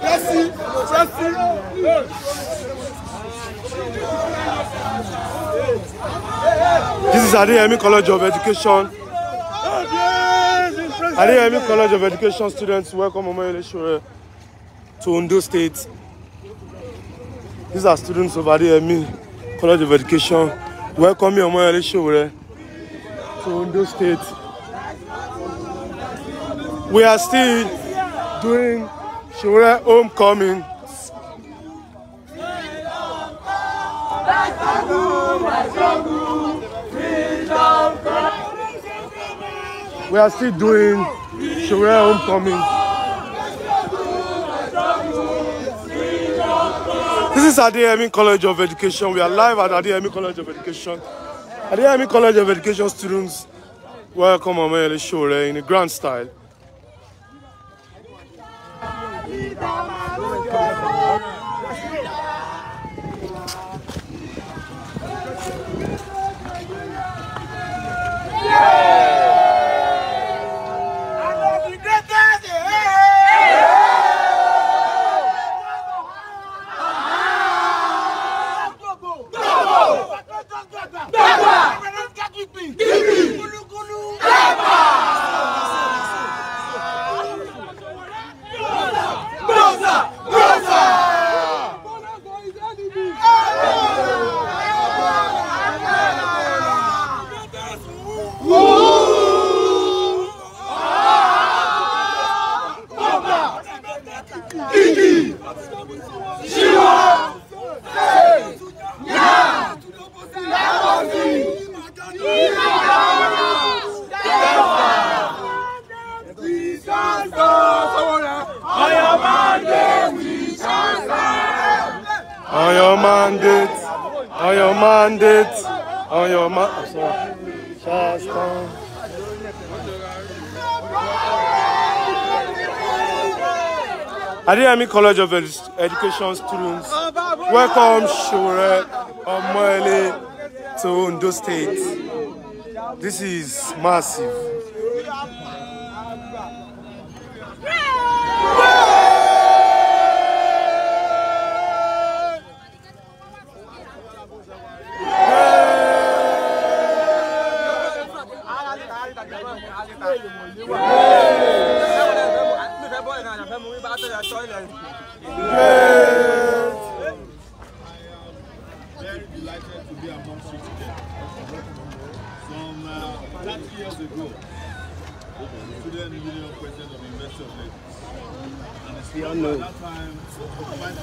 Merci, merci. This is Adeyemi College of Education. Adeyemi College of Education students, welcome Omoyele Shure to Ondo State. These are students of Adeyemi College of Education. Welcome Omoyele Shure to Ondo State. We are still doing Shure homecoming. we are still doing Shurel homecoming. This is Adeyemi College of Education. We are live at Adeyemi College of Education. Adeyemi College of Education students welcome on my Shore in a grand style. Kiki, Shiwa, Hey, Nya, On your mandate, on your mandate, we shall On your mandate, on your mandate, on your mandate, oh, Shasta. Adeyemi College of Education students welcome Shure, Omoele to Ondo State. This is massive.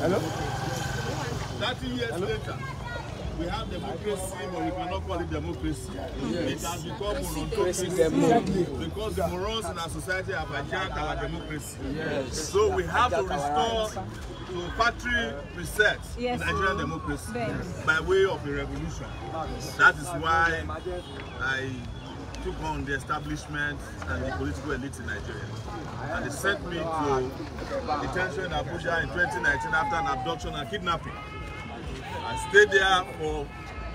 Hello? 30 years Hello? later, we have democracy, but we cannot call it democracy. Yes. It has become monocracy exactly. because the morons in our society have hijacked our democracy. Yes. So we have to restore to factory reset yes. Nigerian democracy yes. by way of a revolution. That is why I took on the establishment and the political elite in Nigeria. And they sent me to detention in Abuja in 2019 after an abduction and kidnapping. I stayed there for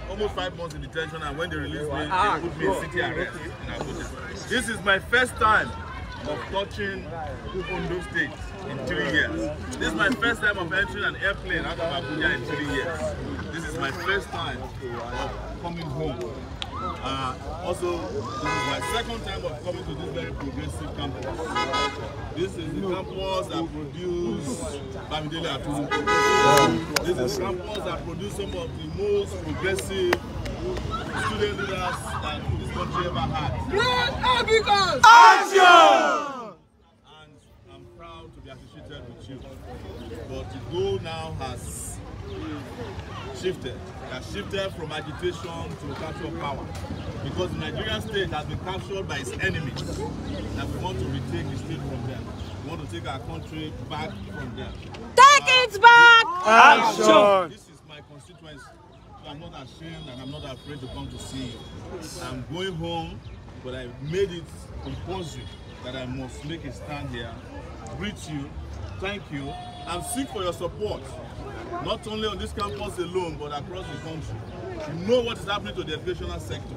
almost five months in detention and when they released me, they ah, put me in city arrest in Abuja. This is my first time of touching Ondo State in three years. This is my first time of entering an airplane out of Abuja in three years. This is my first time of coming home. Uh, also, this is my second time of coming to this very progressive campus. This is the campus that produced Bamidele Atuzu. This is the campus that produced some of the most progressive student leaders that this country ever had. Great Africans! Action! And I'm proud to be associated with you. But the goal now has shifted. It has shifted from agitation to capture power. Because the Nigerian state has been captured by its enemies. That we want to retake the state from them. We want to take our country back from them. Take uh, it back! Action! This is my constituency. I'm not ashamed and I'm not afraid to come to see you. I'm going home, but I made it compulsory that I must make a stand here, greet you, thank you, And seek for your support, not only on this campus alone, but across the country. You know what is happening to the educational sector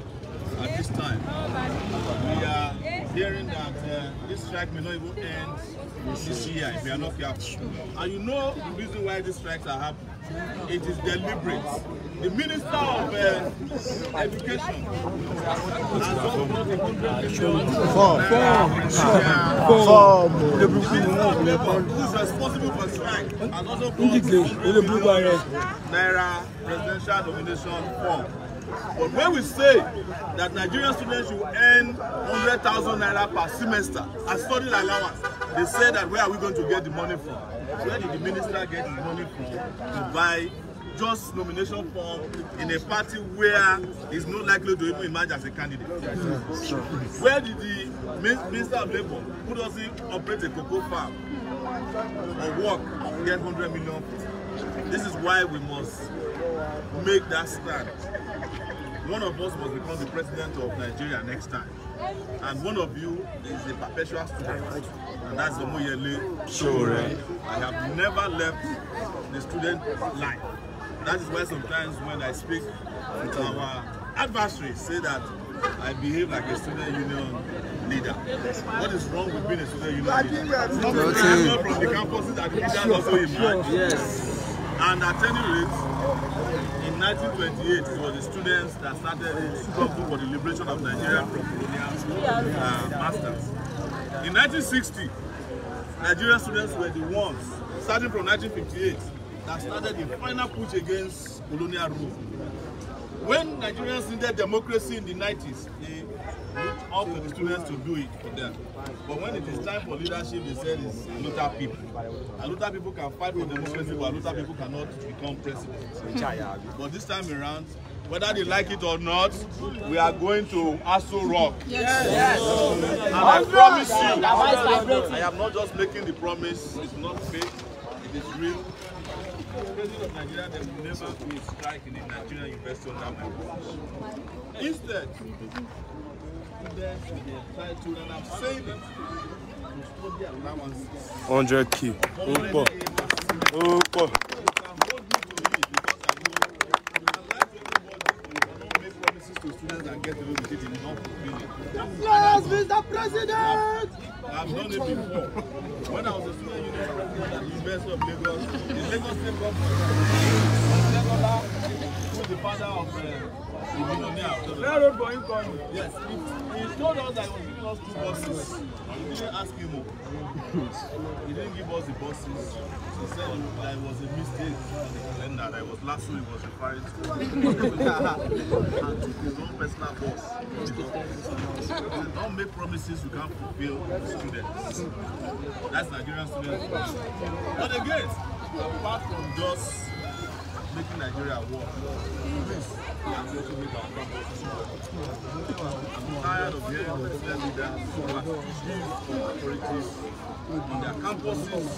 at this time. We are hearing that uh, this strike may not even end this year if we are not careful. And you know the reason why these strikes are happening. It is deliberate. The Minister of uh, Education has is responsible for strike has also brought Naira presidential nomination form. But when we say that Nigerian students should earn 100,000 naira per semester as study allowance, they say that where are we going to get the money from? Where did the minister get the money from to buy just nomination form in a party where he's not likely to even emerge as a candidate. Where did the Minister of Labour, who doesn't operate a cocoa farm or work, get 100 million? This is why we must make that stand one of us must become the president of Nigeria next time. And one of you is a perpetual student, and that's Omoyele Sure. I have never left the student life. That is why sometimes when I speak with our adversaries, say that I behave like a student union leader. What is wrong with being a student union leader? Nothing from the campuses that the leaders also imagine. Yes. And at any rate, 1928, it was the students that started the struggle for the liberation of Nigeria from colonial uh, masters. In 1960, Nigerian students were the ones, starting from 1958, that started the final push against colonial rule. When Nigerians needed democracy in the 90s, they All for the students to do it for them. But when it is time for leadership, they said it's Aluta people. Aluta people can fight for democracy, but Aluta people cannot become president. But this time around, whether they like it or not, we are going to Aso Rock. Yes. yes. And I promise you, I am not just making the promise, it's not fake, it is real. The president of Nigeria, there will never be a strike in a Nigerian university under my Instead, Hundred k Opo. Opo. Students and get away Yes, Mr. President! I've done it before. When I was a student union president at the University of Lagos, the Lagos State Government, is the father of uh, the billionaire. Railroad boy, you call Yes, he, he told us that he was giving us two buses. We didn't ask him. he didn't give us the buses. He said that it was a mistake on the calendar. That was last week was referring to and took his own personal bus. Don't make promises you can't fulfill students. That's Nigerian students. But again, apart from just making Nigeria war. I'm to make our I'm tired of hearing of the leaders who authorities on their campuses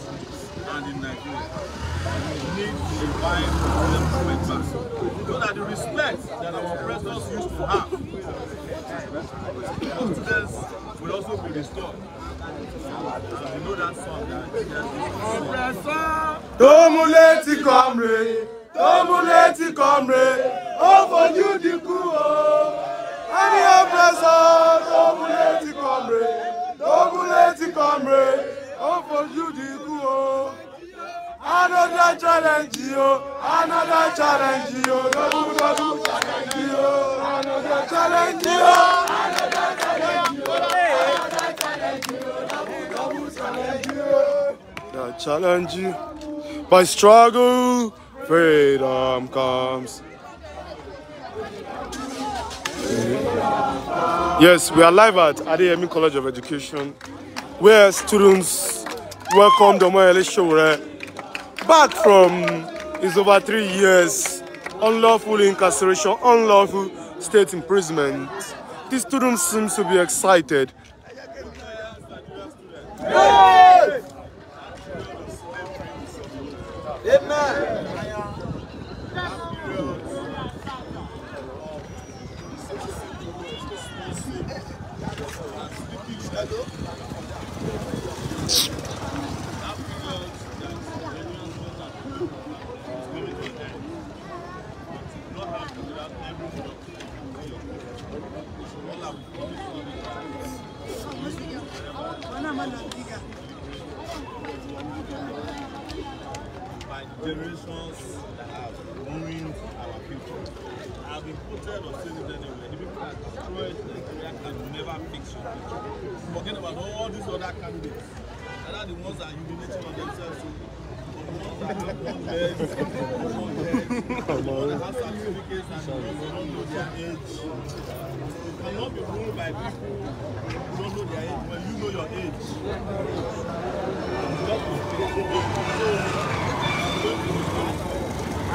and in Nigeria. We need to divine government back. So that the respect that our presidents used to have for students will also be restored. you know that song that. Don't let it come, rain tó mú létí kọ́mre ó fojú dínkù o. ẹni ọ̀pẹ̀sọ̀ tó mú létí kọ́mre tó mú létí kọ́mre ó fojú dínkù o. another challenge o another challenge o lọ́dún lọ́dún challenge o another challenge o another challenge o another challenge o challenge o. by struggle. freedom um, comes. Yes, we are live at Adeyemi College of Education, where students welcome Domoyele Shore back from his over three years unlawful incarceration, unlawful state imprisonment. These students seem to be excited. Yay! generations that have ruined our future. I've been quoted or said it anyway. The people that destroyed Nigeria can never fix your future. Forget about all these other candidates. That are the ones that are urinating on themselves. So, the ones that have one leg, one head, the ones that have certificates and the ones that don't know their age. You cannot be ruled by people who don't know their age when you know your age. It's not so,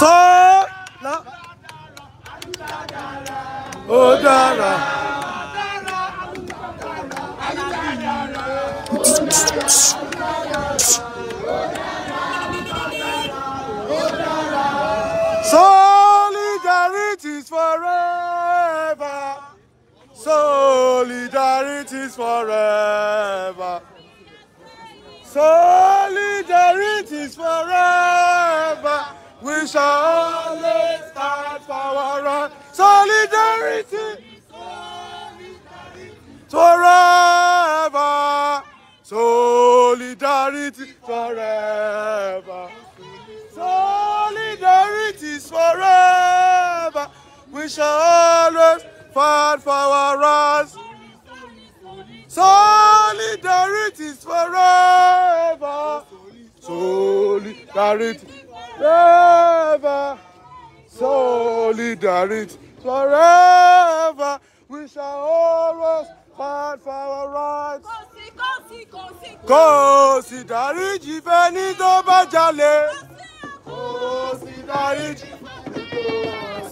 sọ la. ó oh, dára. Solidarity is forever. Solidarity is forever. Solidarity is forever. We shall always stand for our solidarity. Forever. Solidarity forever. Solidarity is forever. We shall always fight for our rights. Solidarity is forever. Solidarity forever. Solidarity forever. We shall always fight for our rights. Kò sì dáríjì tó bá jalè. Kò sì dáríjì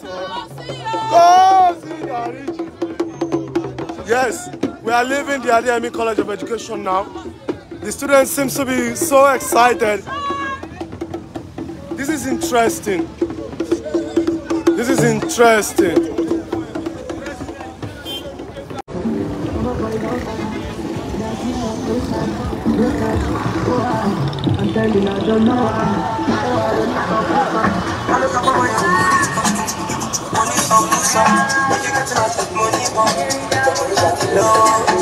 tó bá jalè. Kò sì dáríjì tó bá jalè. Yes, we are leaving the Adeyemi College of Education now. The students seem to be so excited This is interesting. This is interesting. not